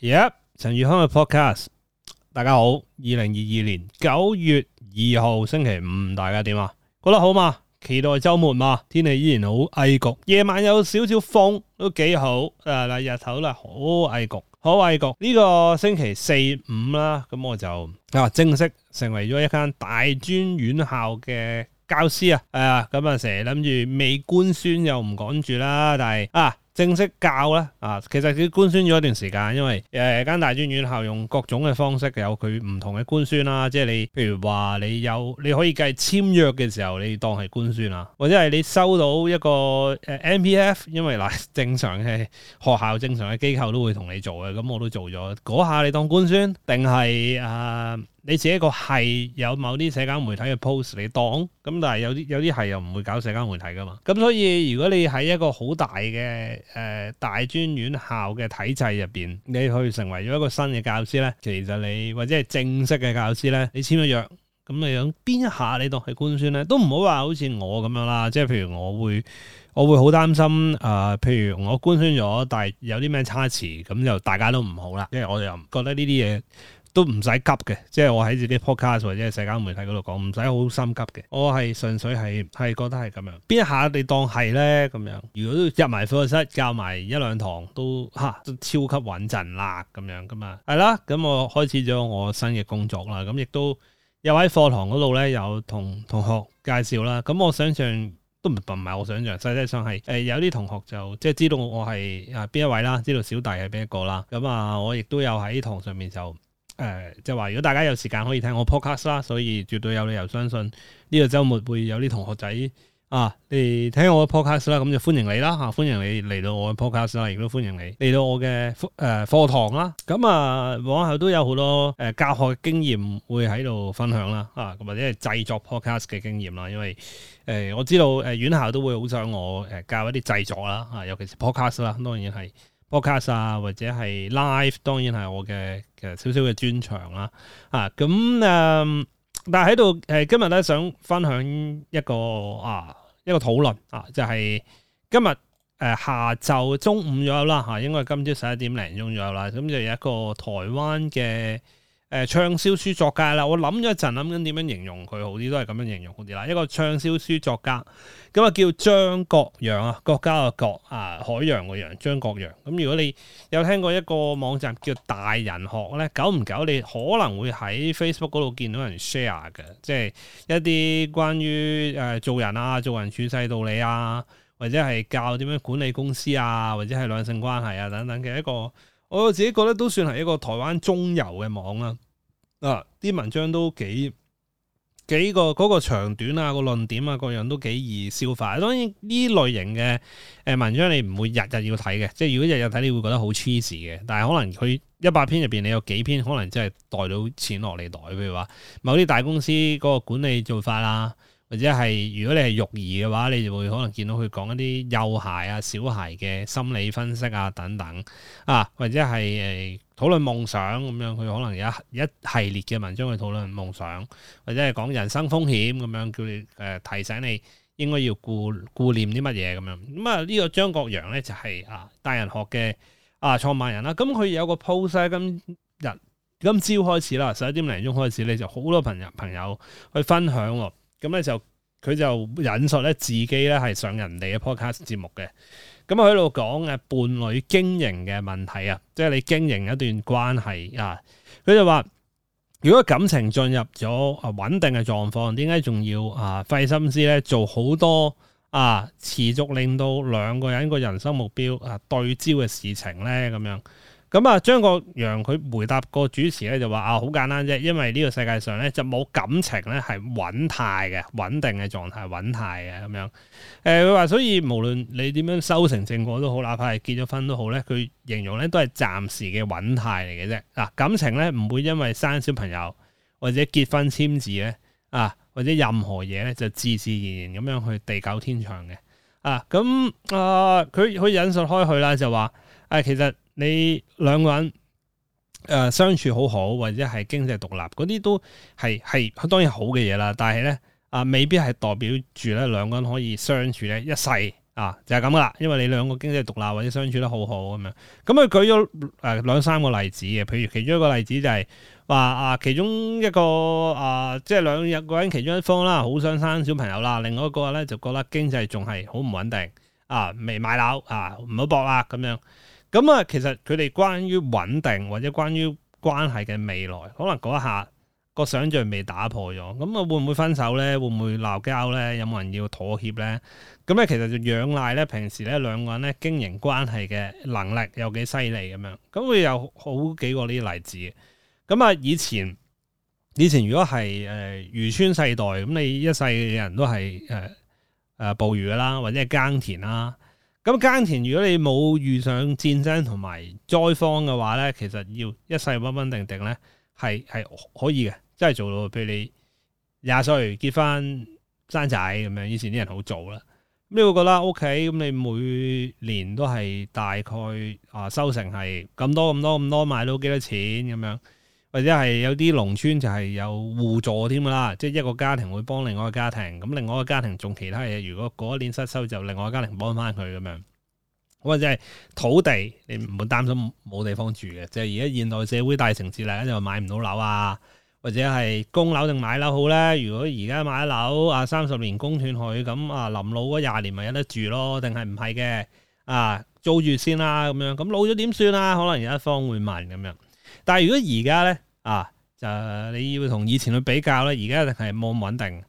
耶！陳宇、yep, 康嘅 podcast，大家好，二零二二年九月二號星期五，大家點啊？覺得好嘛？期待周末嘛？天氣依然好翳焗，夜晚有少少風，都幾好。誒、呃、嗱，日頭啦，好翳焗，好翳焗。呢個星期四五啦，咁我就啊正式成為咗一間大專院校嘅教師啊。誒，咁啊，成日諗住未官宣又唔趕住啦，但係啊。正式教咧啊，其實佢官宣咗一段時間，因為誒間、呃、大專院校用各種嘅方式有佢唔同嘅官宣啦、啊，即係你譬如話你有你可以計簽約嘅時候，你當係官宣啦，或者係你收到一個誒、呃、MPF，因為嗱、呃、正常嘅學校正常嘅機構都會同你做嘅，咁、嗯、我都做咗，嗰下你當官宣定係啊？你自己個係有某啲社交媒體嘅 post 你當，咁但係有啲有啲係又唔會搞社交媒體噶嘛，咁所以如果你喺一個好大嘅誒、呃、大專院校嘅體制入邊，你可以成為咗一個新嘅教師咧，其實你或者係正式嘅教師咧，你簽咗約，咁你想邊一下你當係官宣咧，都唔好話好似我咁樣啦，即係譬如我會我會好擔心啊、呃，譬如我官宣咗，但係有啲咩差池，咁就大家都唔好啦，因為我又覺得呢啲嘢。都唔使急嘅，即係我喺自己 podcast 或者社交媒體嗰度講，唔使好心急嘅。我係純粹係係覺得係咁樣，邊一下你當係咧咁樣？如果都入埋課室教埋一兩堂，都吓，都超級穩陣啦咁樣噶嘛，係、嗯、啦。咁、嗯嗯、我開始咗我新嘅工作啦，咁、嗯、亦、嗯、都有喺課堂嗰度咧，有同同學介紹啦。咁、嗯、我想象都唔唔係我想象，實際上係誒有啲同學就即係知道我係啊邊一位啦，知道小弟係邊一個啦。咁、嗯、啊、嗯嗯，我亦都有喺堂上面就。誒，即係話，如果大家有時間可以聽我 podcast 啦、啊，所以絕對有理由相信呢個周末會有啲同學仔啊嚟聽我嘅 podcast 啦、啊，咁就歡迎你啦吓、啊，歡迎你嚟到我嘅 podcast 啦、啊，亦都歡迎你嚟到我嘅誒課堂啦。咁啊，往後都有好多誒、呃、教學經驗會喺度分享啦，啊，咁或者係製作 podcast 嘅經驗啦、啊。因為誒、呃、我知道誒、呃、院校都會好想我誒、呃、教一啲製作啦，啊，尤其是 podcast 啦、啊，當然係。播客啊，或者係 live，當然係我嘅嘅少少嘅專長啦。啊，咁誒、嗯，但係喺度誒，今日咧想分享一個啊，一個討論啊，就係、是、今日誒、呃、下晝中午左右啦嚇，應該係今朝十一點零鐘左右啦，咁、啊、就有一個台灣嘅誒暢銷書作家啦，我諗咗一陣，諗緊點樣形容佢好啲，都係咁樣形容好啲啦。一個暢銷書作家，咁啊叫張國洋啊，國家個國啊，海洋個洋張國洋。咁如果你有聽過一個網站叫大人學咧，久唔久你可能會喺 Facebook 嗰度見到人 share 嘅，即係一啲關於誒做人啊、做人處世道理啊，或者係教點樣管理公司啊，或者係兩性關係啊等等嘅一個。我自己覺得都算係一個台灣中游嘅網啦，啊啲文章都幾幾個嗰、嗰個長短啊、那個論點啊各樣都幾易消化。當然呢類型嘅誒文章你唔會日日要睇嘅，即係如果日日睇你會覺得好 cheese 嘅。但係可能佢一百篇入邊你有幾篇可能真係袋到錢落嚟袋，譬如話某啲大公司嗰個管理做法啦、啊。或者係如果你係育兒嘅話，你就會可能見到佢講一啲幼孩啊、小孩嘅心理分析啊等等啊，或者係誒、欸、討論夢想咁樣，佢可能有一一系列嘅文章去討論夢想，或者係講人生風險咁樣，叫你誒、呃、提醒你應該要顧顧念啲乜嘢咁樣。咁啊，呢、這個張國陽咧就係、是、啊大人學嘅啊創辦人啦、啊，咁、嗯、佢有個 post 咧、啊，今日今朝開始啦，十一點零鐘開始，你就好多朋友朋友去分享、啊。咁咧就佢就引述咧自己咧係上人哋嘅 podcast 節目嘅，咁啊喺度講嘅伴侶經營嘅問題啊，即係你經營一段關係啊，佢就話如果感情進入咗啊穩定嘅狀況，點解仲要啊費心思咧做好多啊持續令到兩個人個人生目標啊對焦嘅事情咧咁樣。咁啊、嗯，張國陽佢回答個主持咧就話啊，好簡單啫，因為呢個世界上咧就冇感情咧係穩態嘅，穩定嘅狀態，穩態嘅咁樣。誒、呃，佢話所以無論你點樣修成正果都好，哪怕係結咗婚都好咧，佢形容咧都係暫時嘅穩態嚟嘅啫。嗱、啊，感情咧唔會因為生小朋友或者結婚簽字咧啊，或者任何嘢咧就自自然然咁樣去地久天長嘅。啊，咁、嗯、啊，佢佢引述開去啦，就話誒，其實，你兩個人誒、呃、相處好好，或者係經濟獨立，嗰啲都係係當然好嘅嘢啦。但係咧啊，未必係代表住咧兩個人可以相處咧一世啊，就係咁噶啦。因為你兩個經濟獨立或者相處得好好咁樣，咁佢舉咗誒兩三個例子嘅，譬如其中一個例子就係、是、話啊，其中一個啊即係兩日個人其中一方啦，好想生小朋友啦，另外一個咧就覺得經濟仲係好唔穩定啊，未買樓啊，唔好搏啦咁樣。咁啊，其實佢哋關於穩定或者關於關係嘅未來，可能嗰一下、嗰個想像未打破咗，咁啊會唔會分手咧？會唔會鬧交咧？有冇人要妥協咧？咁咧其實就仰賴咧平時咧兩個人咧經營關係嘅能力有幾犀利咁樣，咁會有好幾個呢啲例子。咁啊以前以前如果係誒、呃、漁村世代，咁你一世人都係誒誒捕魚啦，或者係耕田啦。咁耕田如果你冇遇上戰爭同埋災荒嘅話咧，其實要一世穩穩定定咧，係係可以嘅，即係做到。譬如你廿歲結婚生仔咁樣，以前啲人好早啦。咁你會覺得 OK，咁你每年都係大概啊收成係咁多咁多咁多賣到幾多錢咁樣。或者係有啲農村就係有互助添㗎啦，即係一個家庭會幫另外一個家庭，咁另外一個家庭種其他嘢。如果嗰一年失收，就另外一個家庭幫翻佢咁樣。或者係土地，你唔會擔心冇地方住嘅。就係而家現代社會大城市嚟，就是、買唔到樓啊，或者係供樓定買樓好咧？如果而家買樓啊，三十年供斷佢，咁啊臨老嗰廿年咪有得住咯？定係唔係嘅？啊租住先啦、啊，咁樣咁老咗點算啊？可能有一方會問咁樣。但係如果而家咧啊，就你要同以前去比較咧，而家一定係冇咁穩定。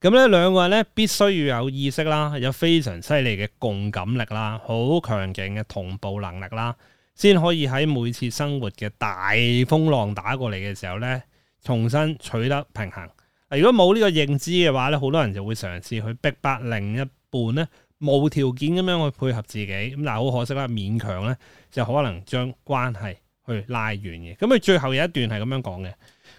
咁咧，兩個人咧必須要有意識啦，有非常犀利嘅共感力啦，好強勁嘅同步能力啦，先可以喺每次生活嘅大風浪打過嚟嘅時候咧，重新取得平衡。如果冇呢個認知嘅話咧，好多人就會嘗試去逼迫另一半咧無條件咁樣去配合自己。咁但係好可惜啦，勉強咧就可能將關係。去拉完嘅，咁佢最後有一段係咁樣講嘅。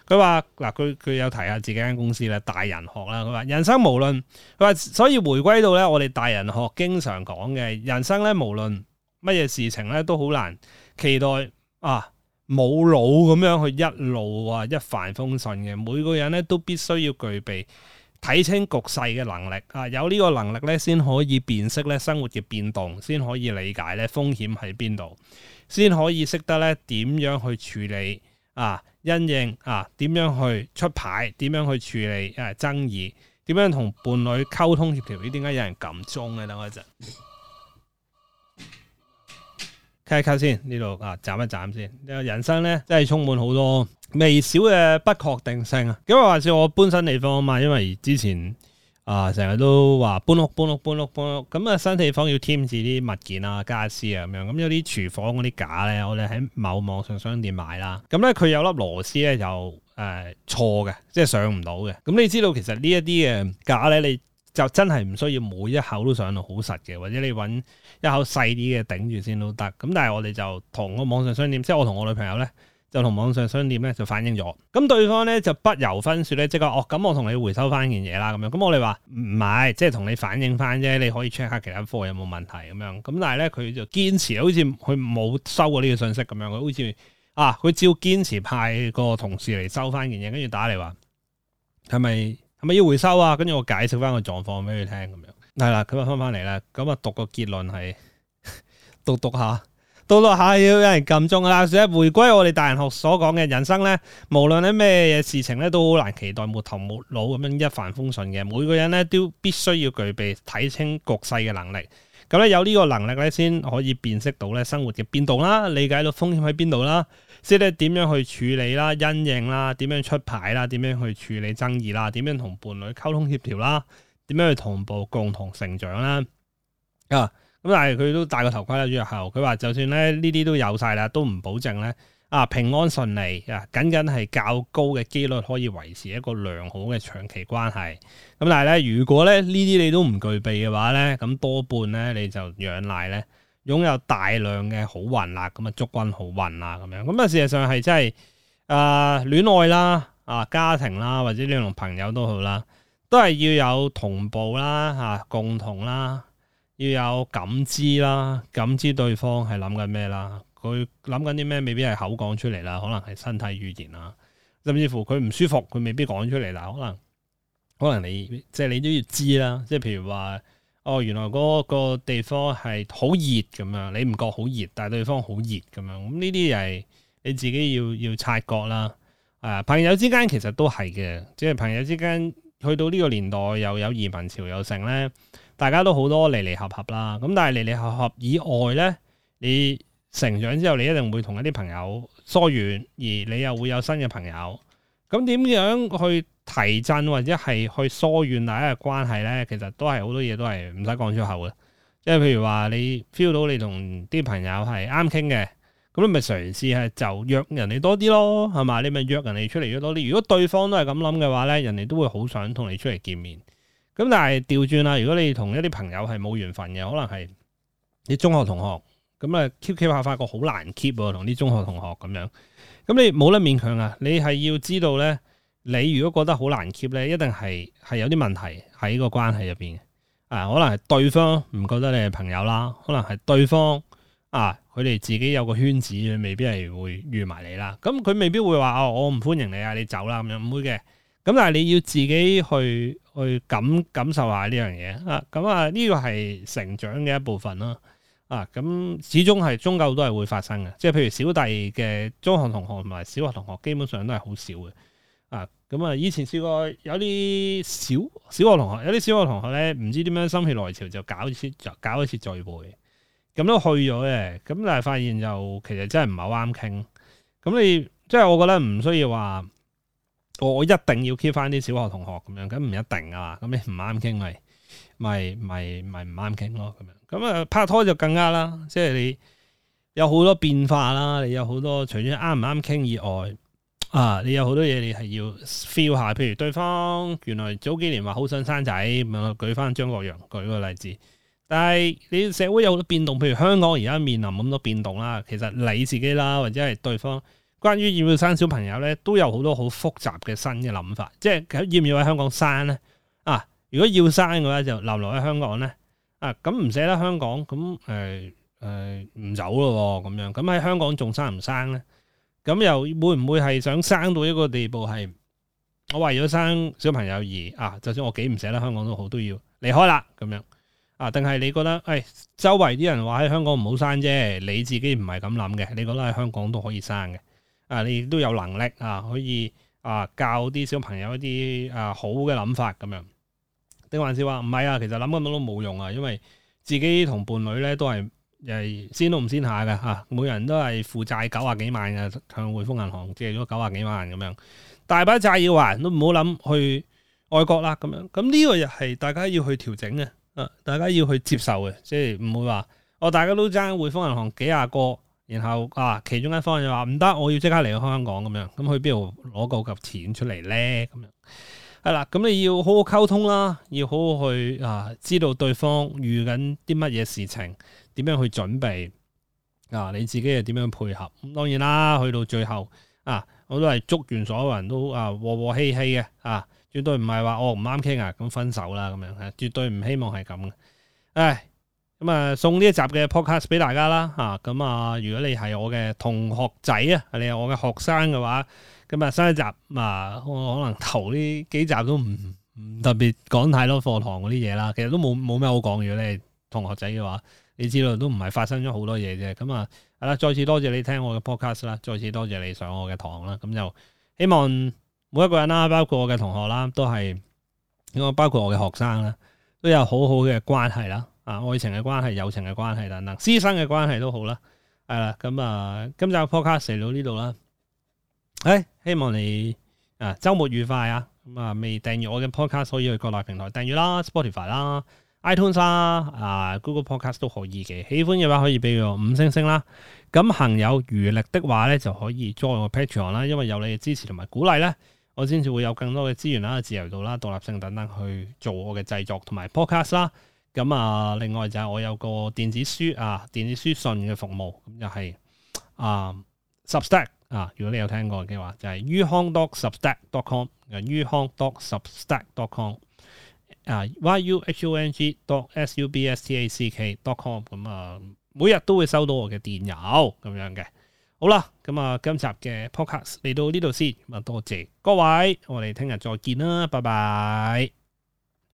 佢話嗱，佢佢有提下自己間公司咧，大人學啦，佢話人生無論，佢話所以回歸到咧，我哋大人學經常講嘅，人生咧無論乜嘢事情咧，都好難期待啊冇腦咁樣去一路啊一帆風順嘅，每個人咧都必須要具備。睇清局勢嘅能力啊，有呢個能力咧，先可以辨識咧生活嘅變動，先可以理解咧風險喺邊度，先可以識得咧點樣去處理啊因應啊點樣去出牌，點樣去處理誒、啊、爭議，點樣同伴侶溝通協調？咦，點解有人撳鐘嘅，等我一陣。睇下先呢度啊，斬一斬先。人生咧真係充滿好多微小嘅不確定性啊。咁、嗯、啊，話說我搬新地方啊嘛。因為之前啊，成日都話搬屋、搬屋、搬屋、搬屋。咁、嗯、啊，新地方要添置啲物件啊、家私啊咁樣。咁有啲廚房嗰啲架咧，我哋喺某網上商店買啦。咁、嗯、咧，佢有粒螺絲咧就誒錯嘅，即係上唔到嘅。咁、嗯、你知道其實呢一啲嘅架咧，你？就真係唔需要每一口都上到好實嘅，或者你揾一口細啲嘅頂住先都得。咁但係我哋就同個網上商店，即係我同我女朋友咧，就同網上商店咧就反映咗。咁對方咧就不由分說咧，即係話，哦，咁我同你回收翻件嘢啦，咁樣。咁我哋話唔係，即係同你反映翻啫，你可以 check 下其他貨有冇問題咁樣。咁但係咧佢就堅持，好似佢冇收過呢個信息，咁樣，佢好似啊，佢照堅持派個同事嚟收翻件嘢，跟住打嚟話係咪？是係咪要回收啊？跟住我解釋翻個狀況俾佢聽咁樣。係、嗯、啦，咁又翻翻嚟啦。咁啊，讀個結論係讀讀下，讀讀下要有人撳中啦。所以回歸我哋大人學所講嘅人生咧，無論咧咩嘢事情咧，都好難期待沒頭沒腦咁樣一帆風順嘅。每個人咧都必須要具備睇清局勢嘅能力。咁、嗯、咧有呢個能力咧，先可以辨識到咧生活嘅變動啦，理解到風險喺邊度啦。即係點樣去處理啦、因應啦、點樣出牌啦、點樣去處理爭議啦、點樣同伴侶溝通協調啦、點樣去同步共同成長啦。啊，咁但係佢都戴個頭盔啦，最後佢話就算咧呢啲都有晒啦，都唔保證咧啊平安順利啊，僅僅係較高嘅幾率可以維持一個良好嘅長期關係。咁但係咧，如果咧呢啲你都唔具備嘅話咧，咁多半咧你就養奶咧。擁有大量嘅好運啦，咁啊祝君好運啦，咁樣咁啊，事實上係真係誒、呃、戀愛啦，啊家庭啦，或者你同朋友都好啦，都係要有同步啦，嚇、啊、共同啦，要有感知啦，感知對方係諗緊咩啦，佢諗緊啲咩，未必係口講出嚟啦，可能係身體語言啦，甚至乎佢唔舒服，佢未必講出嚟啦，可能可能你即係、就是、你都要知啦，即係譬如話。哦，原來嗰個地方係好熱咁樣，你唔覺好熱，但係對方好熱咁樣，咁呢啲係你自己要要察覺啦。誒、啊，朋友之間其實都係嘅，即係朋友之間去到呢個年代又有移民潮又成咧，大家都好多離離合合啦。咁但係離離合合以外咧，你成長之後你一定會同一啲朋友疏遠，而你又會有新嘅朋友。咁點樣去提振或者係去疏遠大家嘅關係咧，其實都係好多嘢都係唔使講出口嘅。即係譬如話你 feel 到你同啲朋友係啱傾嘅，咁你咪嘗試係就約人哋多啲咯，係嘛？你咪約人哋出嚟約多啲。如果對方都係咁諗嘅話咧，人哋都會好想同你出嚟見面。咁但係調轉啦，如果你同一啲朋友係冇緣分嘅，可能係啲中學同學，咁啊 Q Q 下發覺好難 keep 同啲中學同學咁樣。咁你冇得勉強啊，你係要知道咧。你如果覺得好難 keep 咧，一定係係有啲問題喺個關係入邊嘅啊，可能係對方唔覺得你係朋友啦，可能係對方啊，佢哋自己有個圈子，未必係會預埋你啦。咁、嗯、佢未必會話啊、哦，我唔歡迎你啊，你走啦咁樣唔會嘅。咁、嗯、但係你要自己去去感感受下呢樣嘢啊。咁、嗯、啊，呢、這個係成長嘅一部分咯。啊，咁、嗯、始終係終究都係會發生嘅。即係譬如小弟嘅中學同學同埋小學同學，基本上都係好少嘅。啊，咁啊，以前試過有啲小小學同學，有啲小學同學咧，唔知點樣心血來潮就搞一次，搞一次聚會，咁都去咗嘅。咁但係發現就其實真係唔係好啱傾。咁你即係我覺得唔需要話，我一定要 keep 翻啲小學同學咁樣，咁唔一定啊。咁你唔啱傾咪咪咪咪唔啱傾咯。咁樣咁啊，拍拖就更加啦。即係你有好多變化啦，你有好多除咗啱唔啱傾以外。啊！你有好多嘢，你係要 feel 下，譬如對方原來早幾年話好想生仔，咪舉翻張國陽舉個例子。但係你社會有好多變動，譬如香港而家面臨咁多變動啦。其實你自己啦，或者係對方，關於要唔要生小朋友咧，都有好多好複雜嘅新嘅諗法。即係要唔要喺香港生咧？啊，如果要生嘅話，就留留喺香港咧。啊，咁唔捨得香港，咁誒誒唔走咯咁，哦、樣。咁喺香港仲生唔生咧？咁又會唔會係想生到一個地步係，我為咗生小朋友而啊，就算我幾唔捨得香港都好，都要離開啦咁樣啊？定係你覺得誒、哎？周圍啲人話喺香港唔好生啫，你自己唔係咁諗嘅？你覺得喺香港都可以生嘅啊？你亦都有能力啊，可以啊教啲小朋友一啲啊好嘅諗法咁樣？定還是話唔係啊？其實諗咁多都冇用啊，因為自己同伴侶咧都係。又先都唔先下嘅嚇，啊，每人都係負債九啊幾萬嘅，向匯豐銀行借咗九啊幾萬咁樣，大把債要還，都唔好諗去外國啦咁樣。咁呢個又係大家要去調整嘅，啊，大家要去接受嘅，即係唔會話哦，大家都爭匯豐銀行幾廿個，然後啊，其中一方又話唔得，我要即刻嚟到香港咁樣，咁去邊度攞夠嚿錢出嚟咧？咁樣係啦，咁你要好好溝通啦，要好好去啊，知道對方遇緊啲乜嘢事情。點樣去準備啊？你自己又點樣配合？咁當然啦，去到最後啊，我都係祝願所有人都啊和和氣氣嘅啊，絕對唔係話我唔啱傾啊，咁分手啦咁樣啊，絕對唔希望係咁嘅。唉、哎，咁啊，送呢一集嘅 podcast 俾大家啦。吓、啊，咁啊，如果你係我嘅同學仔啊，你係我嘅學生嘅話，咁啊，新一集啊，我可能頭呢幾集都唔唔特別講太多課堂嗰啲嘢啦，其實都冇冇咩好講。如果你係同學仔嘅話。你知道都唔係發生咗好多嘢啫，咁啊，係啦，再次多謝你聽我嘅 podcast 啦，再次多謝你上我嘅堂啦，咁就希望每一個人啦，包括我嘅同學啦，都係咁啊，包括我嘅學生啦，都有好好嘅關係啦，啊，愛情嘅關係、友情嘅關係等等，師生嘅關係都好啦，係啦，咁啊，今集 podcast 嚟到呢度啦，誒、哎，希望你啊周末愉快啊，咁啊，未訂閱我嘅 podcast 可以去各大平台訂閱啦，Spotify 啦。iTunes 啊，啊 Google Podcast 都可以嘅，喜歡嘅話可以俾個五星星啦。咁、嗯、行有餘力的話咧，就可以 join 我 Patreon 啦，因為有你嘅支持同埋鼓勵咧，我先至會有更多嘅資源啦、自由度啦、獨立性等等去做我嘅製作同埋 podcast 啦。咁、嗯、啊，另外就係我有個電子書啊、電子書信嘅服務，咁就係啊 Substack 啊，如果你有聽過嘅話，就係、是、於康 docs.substack.com，於、啊、康 docs.substack.com。Sub 啊、uh，y u h o n g dot s u b s t a c k dot com 咁、嗯、啊，每日都會收到我嘅電郵咁樣嘅。好啦，咁、嗯、啊，今集嘅 podcast 嚟到呢度先，咁啊，多謝各位，我哋聽日再見啦，拜拜。